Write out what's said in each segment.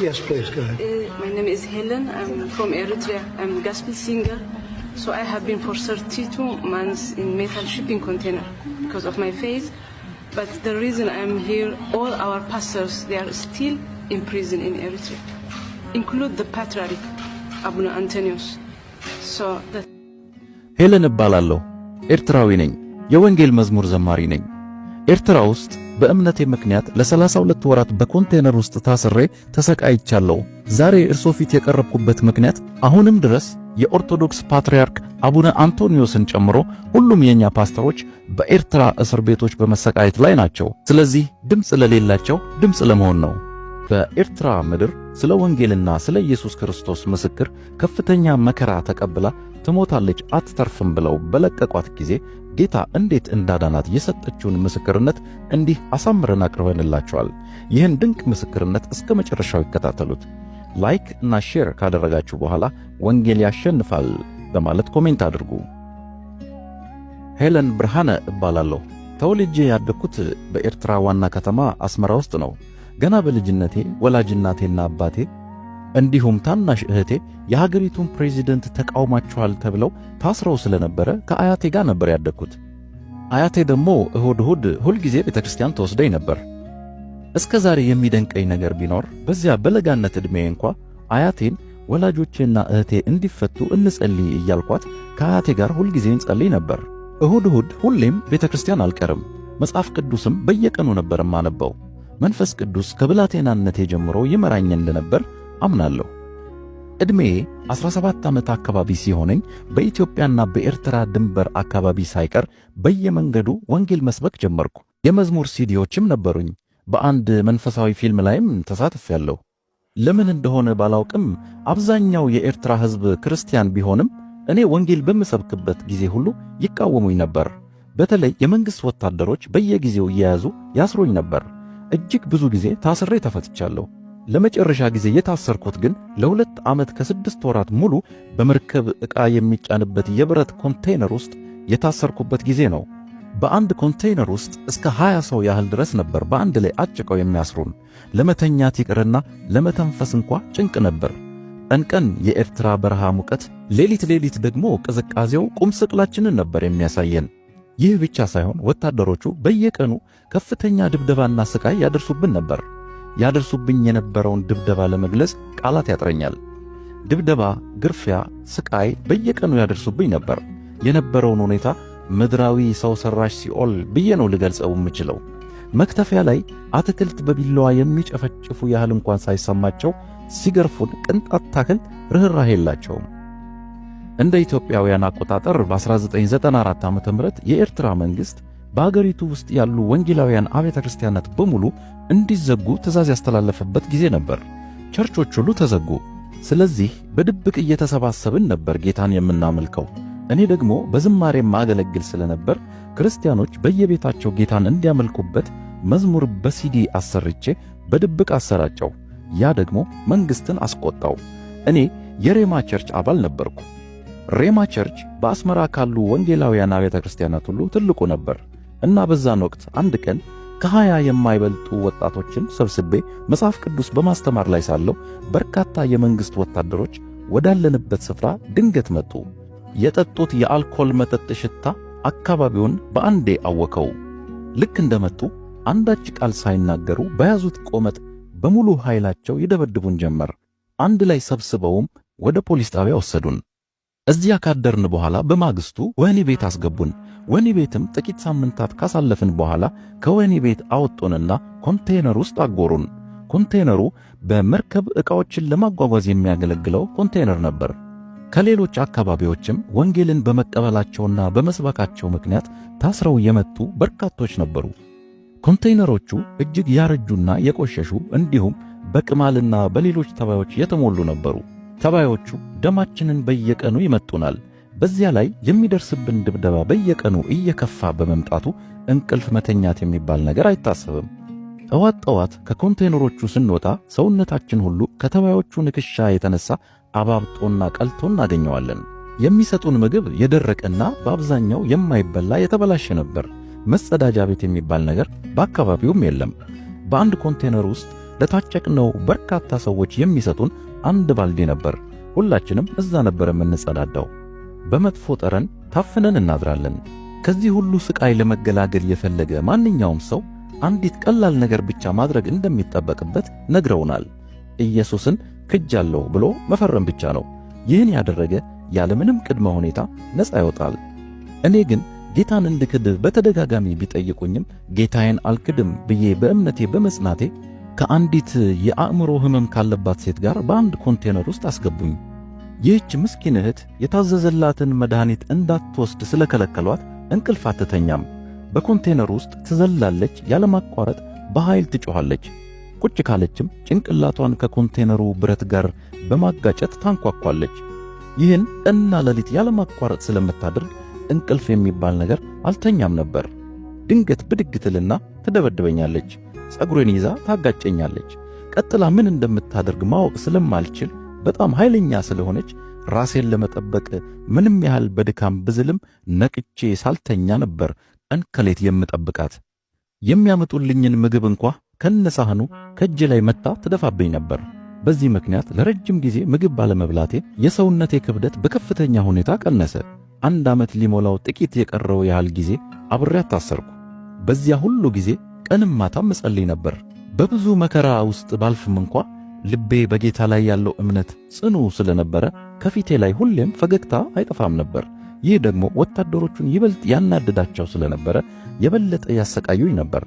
Yes, please, go ahead. Uh, my name is Helen. I'm from Eritrea. I'm a gospel singer. So I have been for 32 months in metal shipping container because of my faith. But the reason I'm here, all our pastors, they are still in prison in Eritrea, include the patriarch, አቡነ አንቶኒዮስ። So Helen Balalo, ነኝ። winning, Yowengil ዘማሪ ነኝ። ኤርትራ በእምነቴ ምክንያት ለ32 ወራት በኮንቴነር ውስጥ ታስሬ ተሰቃይቻለሁ። ዛሬ እርሶ ፊት የቀረብኩበት ምክንያት አሁንም ድረስ የኦርቶዶክስ ፓትርያርክ አቡነ አንቶኒዮስን ጨምሮ ሁሉም የኛ ፓስተሮች በኤርትራ እስር ቤቶች በመሰቃየት ላይ ናቸው። ስለዚህ ድምፅ ለሌላቸው ድምፅ ለመሆን ነው። በኤርትራ ምድር ስለ ወንጌልና ስለ ኢየሱስ ክርስቶስ ምስክር ከፍተኛ መከራ ተቀብላ ትሞታለች አትተርፍም ብለው በለቀቋት ጊዜ ጌታ እንዴት እንዳዳናት የሰጠችውን ምስክርነት እንዲህ አሳምረን አቅርበንላቸዋል። ይህን ድንቅ ምስክርነት እስከ መጨረሻው ይከታተሉት። ላይክ እና ሼር ካደረጋችሁ በኋላ ወንጌል ያሸንፋል በማለት ኮሜንት አድርጉ። ሄለን ብርሃነ እባላለሁ። ተወልጄ ያደግኩት በኤርትራ ዋና ከተማ አስመራ ውስጥ ነው። ገና በልጅነቴ ወላጅናቴና አባቴ እንዲሁም ታናሽ እህቴ የሀገሪቱን ፕሬዚደንት ተቃውማችኋል ተብለው ታስረው ስለነበረ ከአያቴ ጋር ነበር ያደግኩት። አያቴ ደግሞ እሁድ እሁድ ሁልጊዜ ቤተ ክርስቲያን ተወስደኝ ነበር። እስከ ዛሬ የሚደንቀኝ ነገር ቢኖር በዚያ በለጋነት ዕድሜ እንኳ አያቴን ወላጆቼና እህቴ እንዲፈቱ እንጸልይ እያልኳት ከአያቴ ጋር ሁልጊዜ እንጸልይ ነበር። እሁድ እሁድ ሁሌም ቤተ ክርስቲያን አልቀርም። መጽሐፍ ቅዱስም በየቀኑ ነበር ማነበው። መንፈስ ቅዱስ ከብላቴናነቴ ጀምሮ ይመራኝ እንደነበር አምናለሁ። ዕድሜዬ 17 ዓመት አካባቢ ሲሆነኝ በኢትዮጵያና በኤርትራ ድንበር አካባቢ ሳይቀር በየመንገዱ ወንጌል መስበክ ጀመርኩ። የመዝሙር ሲዲዎችም ነበሩኝ። በአንድ መንፈሳዊ ፊልም ላይም ተሳትፌያለሁ። ለምን እንደሆነ ባላውቅም አብዛኛው የኤርትራ ሕዝብ ክርስቲያን ቢሆንም እኔ ወንጌል በምሰብክበት ጊዜ ሁሉ ይቃወሙኝ ነበር። በተለይ የመንግሥት ወታደሮች በየጊዜው እየያዙ ያስሮኝ ነበር። እጅግ ብዙ ጊዜ ታስሬ ተፈትቻለሁ። ለመጨረሻ ጊዜ የታሰርኩት ግን ለሁለት ዓመት ከስድስት ወራት ሙሉ በመርከብ ዕቃ የሚጫንበት የብረት ኮንቴይነር ውስጥ የታሰርኩበት ጊዜ ነው። በአንድ ኮንቴይነር ውስጥ እስከ 20 ሰው ያህል ድረስ ነበር በአንድ ላይ አጭቀው የሚያስሩን። ለመተኛት ይቅርና ለመተንፈስ እንኳ ጭንቅ ነበር። ቀን ቀን የኤርትራ በረሃ ሙቀት፣ ሌሊት ሌሊት ደግሞ ቅዝቃዜው ቁም ስቅላችንን ነበር የሚያሳየን። ይህ ብቻ ሳይሆን ወታደሮቹ በየቀኑ ከፍተኛ ድብደባና ስቃይ ያደርሱብን ነበር። ያደርሱብኝ የነበረውን ድብደባ ለመግለጽ ቃላት ያጥረኛል። ድብደባ፣ ግርፊያ፣ ስቃይ በየቀኑ ያደርሱብኝ ነበር። የነበረውን ሁኔታ ምድራዊ ሰው ሰራሽ ሲኦል ብዬ ነው ልገልጸው የምችለው። መክተፊያ ላይ አትክልት በቢላዋ የሚጨፈጭፉ ያህል እንኳን ሳይሰማቸው ሲገርፉን ቅንጣት ታክል ርኅራህ የላቸውም። እንደ ኢትዮጵያውያን አቆጣጠር በ1994 ዓ.ም የኤርትራ መንግሥት በአገሪቱ ውስጥ ያሉ ወንጌላውያን አብያተ ክርስቲያናት በሙሉ እንዲዘጉ ትእዛዝ ያስተላለፈበት ጊዜ ነበር። ቸርቾች ሁሉ ተዘጉ። ስለዚህ በድብቅ እየተሰባሰብን ነበር ጌታን የምናመልከው። እኔ ደግሞ በዝማሬ ማገለግል ስለነበር ክርስቲያኖች በየቤታቸው ጌታን እንዲያመልኩበት መዝሙር በሲዲ አሰርቼ በድብቅ አሰራጨው። ያ ደግሞ መንግሥትን አስቆጣው። እኔ የሬማ ቸርች አባል ነበርኩ። ሬማ ቸርች በአስመራ ካሉ ወንጌላውያን አብያተ ክርስቲያናት ሁሉ ትልቁ ነበር እና በዛን ወቅት አንድ ቀን ከሀያ የማይበልጡ ወጣቶችን ሰብስቤ መጽሐፍ ቅዱስ በማስተማር ላይ ሳለሁ በርካታ የመንግሥት ወታደሮች ወዳለንበት ስፍራ ድንገት መጡ። የጠጡት የአልኮል መጠጥ ሽታ አካባቢውን በአንዴ አወከው። ልክ እንደመጡ አንዳች ቃል ሳይናገሩ በያዙት ቆመጥ በሙሉ ኃይላቸው ይደበድቡን ጀመር። አንድ ላይ ሰብስበውም ወደ ፖሊስ ጣቢያ ወሰዱን። እዚያ ካደርን በኋላ በማግስቱ ወህኒ ቤት አስገቡን። ወህኒ ቤትም ጥቂት ሳምንታት ካሳለፍን በኋላ ከወህኒ ቤት አወጡንና ኮንቴነር ውስጥ አጎሩን። ኮንቴነሩ በመርከብ ዕቃዎችን ለማጓጓዝ የሚያገለግለው ኮንቴነር ነበር። ከሌሎች አካባቢዎችም ወንጌልን በመቀበላቸውና በመስበካቸው ምክንያት ታስረው የመጡ በርካቶች ነበሩ። ኮንቴይነሮቹ እጅግ ያረጁና የቆሸሹ እንዲሁም በቅማልና በሌሎች ተባዮች የተሞሉ ነበሩ። ተባዮቹ ደማችንን በየቀኑ ይመጡናል። በዚያ ላይ የሚደርስብን ድብደባ በየቀኑ እየከፋ በመምጣቱ እንቅልፍ መተኛት የሚባል ነገር አይታሰብም። ጠዋት ጠዋት ከኮንቴይነሮቹ ስንወጣ ሰውነታችን ሁሉ ከተባዮቹ ንክሻ የተነሳ አባብጦና ቀልቶ እናገኘዋለን። የሚሰጡን ምግብ የደረቀና በአብዛኛው የማይበላ የተበላሸ ነበር። መጸዳጃ ቤት የሚባል ነገር በአካባቢውም የለም። በአንድ ኮንቴይነር ውስጥ ለታጨቅነው በርካታ ሰዎች የሚሰጡን አንድ ባልዲ ነበር። ሁላችንም እዛ ነበር የምንጸዳዳው። በመጥፎ ጠረን ታፍነን እናድራለን። ከዚህ ሁሉ ስቃይ ለመገላገል የፈለገ ማንኛውም ሰው አንዲት ቀላል ነገር ብቻ ማድረግ እንደሚጠበቅበት ነግረውናል። ኢየሱስን ክጃለሁ ብሎ መፈረም ብቻ ነው። ይህን ያደረገ ያለምንም ቅድመ ሁኔታ ነፃ ይወጣል። እኔ ግን ጌታን እንድክድ በተደጋጋሚ ቢጠይቁኝም ጌታዬን አልክድም ብዬ በእምነቴ በመጽናቴ ከአንዲት የአእምሮ ህመም ካለባት ሴት ጋር በአንድ ኮንቴነር ውስጥ አስገቡኝ። ይህች ምስኪን እህት የታዘዘላትን መድኃኒት እንዳትወስድ ስለከለከሏት እንቅልፍ አትተኛም። በኮንቴነር ውስጥ ትዘላለች፣ ያለማቋረጥ በኃይል ትጮኻለች። ቁጭ ካለችም ጭንቅላቷን ከኮንቴነሩ ብረት ጋር በማጋጨት ታንኳኳለች። ይህን ቀንና ሌሊት ያለማቋረጥ ስለምታደርግ እንቅልፍ የሚባል ነገር አልተኛም ነበር። ድንገት ብድግትልና ትደበድበኛለች። ፀጉሬን ይዛ ታጋጨኛለች። ቀጥላ ምን እንደምታደርግ ማወቅ ስለማልችል በጣም ኃይለኛ ስለሆነች ራሴን ለመጠበቅ ምንም ያህል በድካም ብዝልም ነቅቼ ሳልተኛ ነበር ቀን ከሌት የምጠብቃት። የሚያመጡልኝን ምግብ እንኳ ከነሳህኑ ከእጅ ላይ መታ ትደፋብኝ ነበር። በዚህ ምክንያት ለረጅም ጊዜ ምግብ ባለመብላቴ የሰውነቴ ክብደት በከፍተኛ ሁኔታ ቀነሰ። አንድ ዓመት ሊሞላው ጥቂት የቀረው ያህል ጊዜ አብሬያት ታሰርኩ። በዚያ ሁሉ ጊዜ ቀንም ማታም መጸልይ ነበር። በብዙ መከራ ውስጥ ባልፍም እንኳ ልቤ በጌታ ላይ ያለው እምነት ጽኑ ስለነበረ ከፊቴ ላይ ሁሌም ፈገግታ አይጠፋም ነበር። ይህ ደግሞ ወታደሮቹን ይበልጥ ያናድዳቸው ስለነበረ የበለጠ ያሰቃዩኝ ነበር።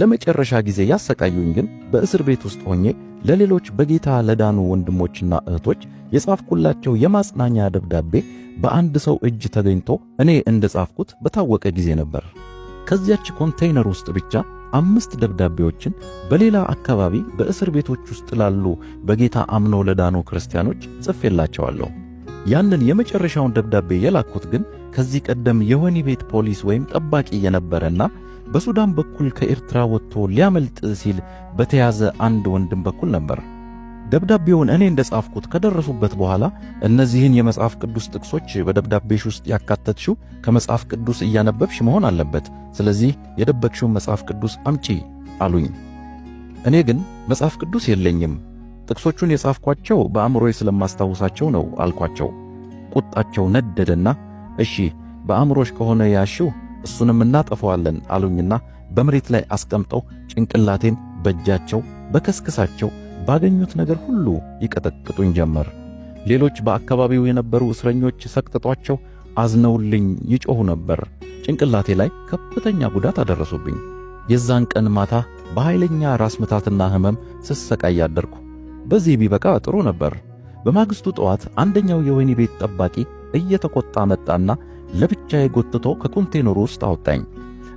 ለመጨረሻ ጊዜ ያሰቃዩኝ ግን በእስር ቤት ውስጥ ሆኜ ለሌሎች በጌታ ለዳኑ ወንድሞችና እህቶች የጻፍኩላቸው የማጽናኛ ደብዳቤ በአንድ ሰው እጅ ተገኝቶ እኔ እንደ ጻፍኩት በታወቀ ጊዜ ነበር። ከዚያች ኮንቴይነር ውስጥ ብቻ አምስት ደብዳቤዎችን በሌላ አካባቢ በእስር ቤቶች ውስጥ ላሉ በጌታ አምኖ ለዳኑ ክርስቲያኖች ጽፌላቸዋለሁ። ያንን የመጨረሻውን ደብዳቤ የላኩት ግን ከዚህ ቀደም የወህኒ ቤት ፖሊስ ወይም ጠባቂ የነበረና በሱዳን በኩል ከኤርትራ ወጥቶ ሊያመልጥ ሲል በተያዘ አንድ ወንድም በኩል ነበር። ደብዳቤውን እኔ እንደጻፍኩት ከደረሱበት በኋላ እነዚህን የመጽሐፍ ቅዱስ ጥቅሶች በደብዳቤሽ ውስጥ ያካተትሽው ከመጽሐፍ ቅዱስ እያነበብሽ መሆን አለበት። ስለዚህ የደበቅሽውን መጽሐፍ ቅዱስ አምጪ አሉኝ። እኔ ግን መጽሐፍ ቅዱስ የለኝም፣ ጥቅሶቹን የጻፍኳቸው በአእምሮዬ ስለማስታውሳቸው ነው አልኳቸው። ቁጣቸው ነደደና እሺ በአእምሮሽ ከሆነ ያሽው እሱንም እናጠፈዋለን አሉኝና በመሬት ላይ አስቀምጠው ጭንቅላቴን በእጃቸው በከስክሳቸው ባገኙት ነገር ሁሉ ይቀጠቅጡኝ ጀመር። ሌሎች በአካባቢው የነበሩ እስረኞች ሰቅጥጧቸው አዝነውልኝ ይጮኹ ነበር። ጭንቅላቴ ላይ ከፍተኛ ጉዳት አደረሱብኝ። የዛን ቀን ማታ በኃይለኛ ራስ ምታትና ህመም ስሰቃይ ያደርኩ። በዚህ ቢበቃ ጥሩ ነበር። በማግስቱ ጠዋት አንደኛው የወህኒ ቤት ጠባቂ እየተቆጣ መጣና ለብቻዬ ጎትቶ ከኮንቴነሩ ውስጥ አወጣኝ።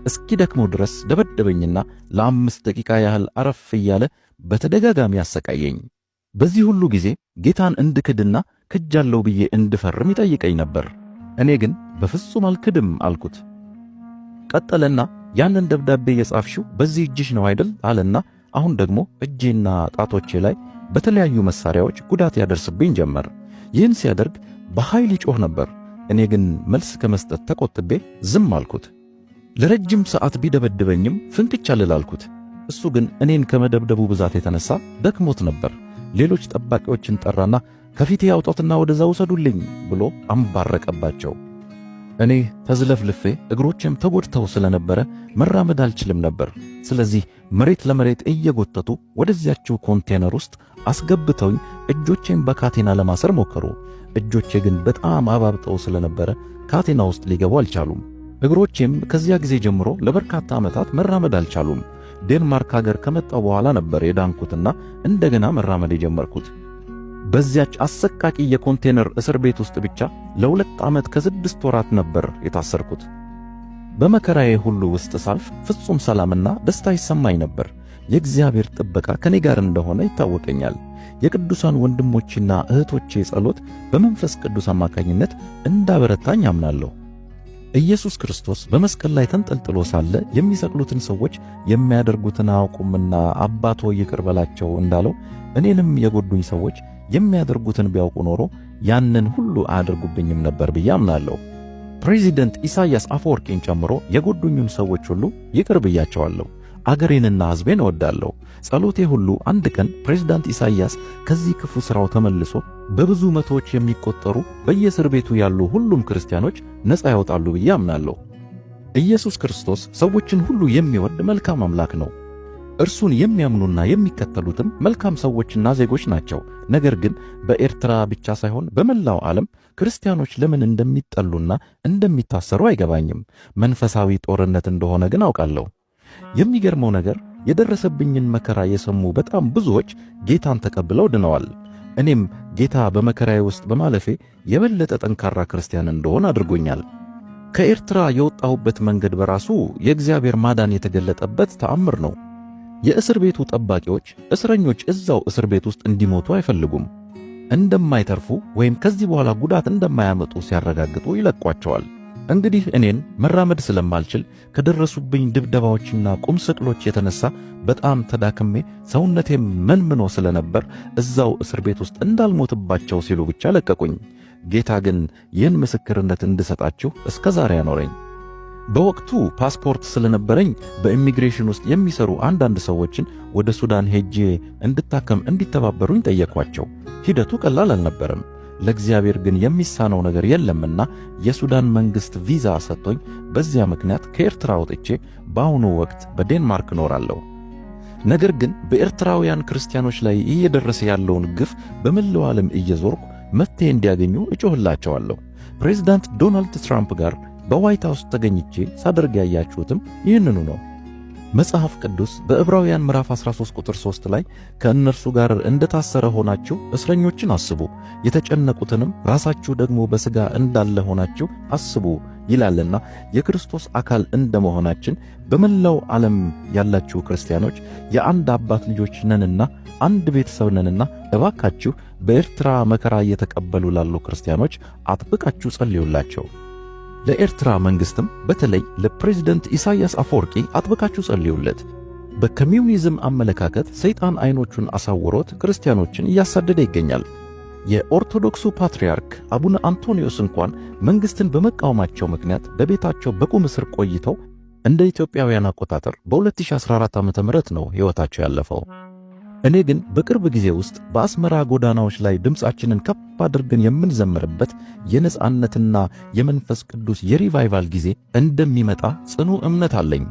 እስኪ ደክሞ ድረስ ደበደበኝና ለአምስት ደቂቃ ያህል አረፍ እያለ በተደጋጋሚ አሰቃየኝ። በዚህ ሁሉ ጊዜ ጌታን እንድክድና ክጃለው ብዬ እንድፈርም ይጠይቀኝ ነበር። እኔ ግን በፍጹም አልክድም አልኩት። ቀጠለና ያንን ደብዳቤ የጻፍሽው በዚህ እጅሽ ነው አይደል አለና አሁን ደግሞ እጄና ጣቶቼ ላይ በተለያዩ መሳሪያዎች ጉዳት ያደርስብኝ ጀመር። ይህን ሲያደርግ በኃይል ይጮህ ነበር። እኔ ግን መልስ ከመስጠት ተቆጥቤ ዝም አልኩት። ለረጅም ሰዓት ቢደበድበኝም ፍንክቻ ልል አልኩት። እሱ ግን እኔን ከመደብደቡ ብዛት የተነሳ ደክሞት ነበር። ሌሎች ጠባቂዎችን ጠራና ከፊቴ ያውጣትና ወደዛ ውሰዱልኝ ብሎ አምባረቀባቸው። እኔ ተዝለፍልፌ እግሮቼም ተጎድተው ስለነበረ መራመድ አልችልም ነበር። ስለዚህ መሬት ለመሬት እየጎተቱ ወደዚያችው ኮንቴነር ውስጥ አስገብተውኝ እጆቼን በካቴና ለማሰር ሞከሩ። እጆቼ ግን በጣም አባብጠው ስለነበረ ካቴና ውስጥ ሊገቡ አልቻሉም። እግሮቼም ከዚያ ጊዜ ጀምሮ ለበርካታ ዓመታት መራመድ አልቻሉም። ዴንማርክ ሀገር ከመጣው በኋላ ነበር የዳንኩትና እንደገና መራመድ የጀመርኩት። በዚያች አሰቃቂ የኮንቴነር እስር ቤት ውስጥ ብቻ ለሁለት ዓመት ከስድስት ወራት ነበር የታሰርኩት። በመከራዬ ሁሉ ውስጥ ሳልፍ ፍጹም ሰላምና ደስታ ይሰማኝ ነበር። የእግዚአብሔር ጥበቃ ከኔ ጋር እንደሆነ ይታወቀኛል። የቅዱሳን ወንድሞችና እህቶቼ ጸሎት በመንፈስ ቅዱስ አማካኝነት እንዳበረታኝ አምናለሁ። ኢየሱስ ክርስቶስ በመስቀል ላይ ተንጠልጥሎ ሳለ የሚሰቅሉትን ሰዎች የሚያደርጉትን አያውቁምና አባቶ ይቅር በላቸው እንዳለው እኔንም የጎዱኝ ሰዎች የሚያደርጉትን ቢያውቁ ኖሮ ያንን ሁሉ አያደርጉብኝም ነበር ብዬ አምናለሁ። ፕሬዚደንት ኢሳያስ አፈወርቂን ጨምሮ የጎዱኙን ሰዎች ሁሉ ይቅር ብያቸዋለሁ። አገሬንና ሕዝቤን እወዳለሁ። ጸሎቴ ሁሉ አንድ ቀን ፕሬዝዳንት ኢሳይያስ ከዚህ ክፉ ሥራው ተመልሶ በብዙ መቶዎች የሚቆጠሩ በየእስር ቤቱ ያሉ ሁሉም ክርስቲያኖች ነፃ ያወጣሉ ብዬ አምናለሁ። ኢየሱስ ክርስቶስ ሰዎችን ሁሉ የሚወድ መልካም አምላክ ነው። እርሱን የሚያምኑና የሚከተሉትም መልካም ሰዎችና ዜጎች ናቸው። ነገር ግን በኤርትራ ብቻ ሳይሆን በመላው ዓለም ክርስቲያኖች ለምን እንደሚጠሉና እንደሚታሰሩ አይገባኝም። መንፈሳዊ ጦርነት እንደሆነ ግን አውቃለሁ። የሚገርመው ነገር የደረሰብኝን መከራ የሰሙ በጣም ብዙዎች ጌታን ተቀብለው ድነዋል። እኔም ጌታ በመከራዬ ውስጥ በማለፌ የበለጠ ጠንካራ ክርስቲያን እንደሆን አድርጎኛል። ከኤርትራ የወጣሁበት መንገድ በራሱ የእግዚአብሔር ማዳን የተገለጠበት ተአምር ነው። የእስር ቤቱ ጠባቂዎች እስረኞች እዛው እስር ቤት ውስጥ እንዲሞቱ አይፈልጉም። እንደማይተርፉ ወይም ከዚህ በኋላ ጉዳት እንደማያመጡ ሲያረጋግጡ ይለቋቸዋል። እንግዲህ እኔን መራመድ ስለማልችል ከደረሱብኝ ድብደባዎችና ቁም ስቅሎች የተነሳ በጣም ተዳክሜ ሰውነቴ መንምኖ ስለነበር እዛው እስር ቤት ውስጥ እንዳልሞትባቸው ሲሉ ብቻ ለቀቁኝ። ጌታ ግን ይህን ምስክርነት እንድሰጣችሁ እስከ ዛሬ አኖረኝ። በወቅቱ ፓስፖርት ስለነበረኝ በኢሚግሬሽን ውስጥ የሚሰሩ አንዳንድ ሰዎችን ወደ ሱዳን ሄጄ እንድታከም እንዲተባበሩኝ ጠየኳቸው። ሂደቱ ቀላል አልነበረም። ለእግዚአብሔር ግን የሚሳነው ነገር የለምና የሱዳን መንግሥት ቪዛ ሰጥቶኝ በዚያ ምክንያት ከኤርትራ ወጥቼ በአሁኑ ወቅት በዴንማርክ እኖራለሁ። ነገር ግን በኤርትራውያን ክርስቲያኖች ላይ እየደረሰ ያለውን ግፍ በመላው ዓለም እየዞርኩ መፍትሄ እንዲያገኙ እጮህላቸዋለሁ። ፕሬዚዳንት ዶናልድ ትራምፕ ጋር በዋይት ሃውስ ተገኝቼ ሳደርግ ያያችሁትም ይህንኑ ነው። መጽሐፍ ቅዱስ በዕብራውያን ምዕራፍ 13 ቁጥር 3 ላይ ከእነርሱ ጋር እንደታሰረ ሆናችሁ እስረኞችን አስቡ፣ የተጨነቁትንም ራሳችሁ ደግሞ በሥጋ እንዳለ ሆናችሁ አስቡ ይላልና የክርስቶስ አካል እንደመሆናችን በመላው ዓለም ያላችሁ ክርስቲያኖች የአንድ አባት ልጆች ነንና አንድ ቤተሰብ ነንና እባካችሁ በኤርትራ መከራ እየተቀበሉ ላሉ ክርስቲያኖች አጥብቃችሁ ጸልዩላቸው። ለኤርትራ መንግሥትም በተለይ ለፕሬዝደንት ኢሳያስ አፈወርቂ አጥብቃችሁ ጸልዩለት። በኮሚኒዝም አመለካከት ሰይጣን ዐይኖቹን አሳውሮት ክርስቲያኖችን እያሳደደ ይገኛል። የኦርቶዶክሱ ፓትርያርክ አቡነ አንቶኒዮስ እንኳን መንግሥትን በመቃወማቸው ምክንያት በቤታቸው በቁም እስር ቆይተው እንደ ኢትዮጵያውያን አቆጣጠር በ2014 ዓ.ም ነው ሕይወታቸው ያለፈው። እኔ ግን በቅርብ ጊዜ ውስጥ በአስመራ ጎዳናዎች ላይ ድምፃችንን ከፍ አድርገን የምንዘምርበት የነጻነትና የመንፈስ ቅዱስ የሪቫይቫል ጊዜ እንደሚመጣ ጽኑ እምነት አለኝ።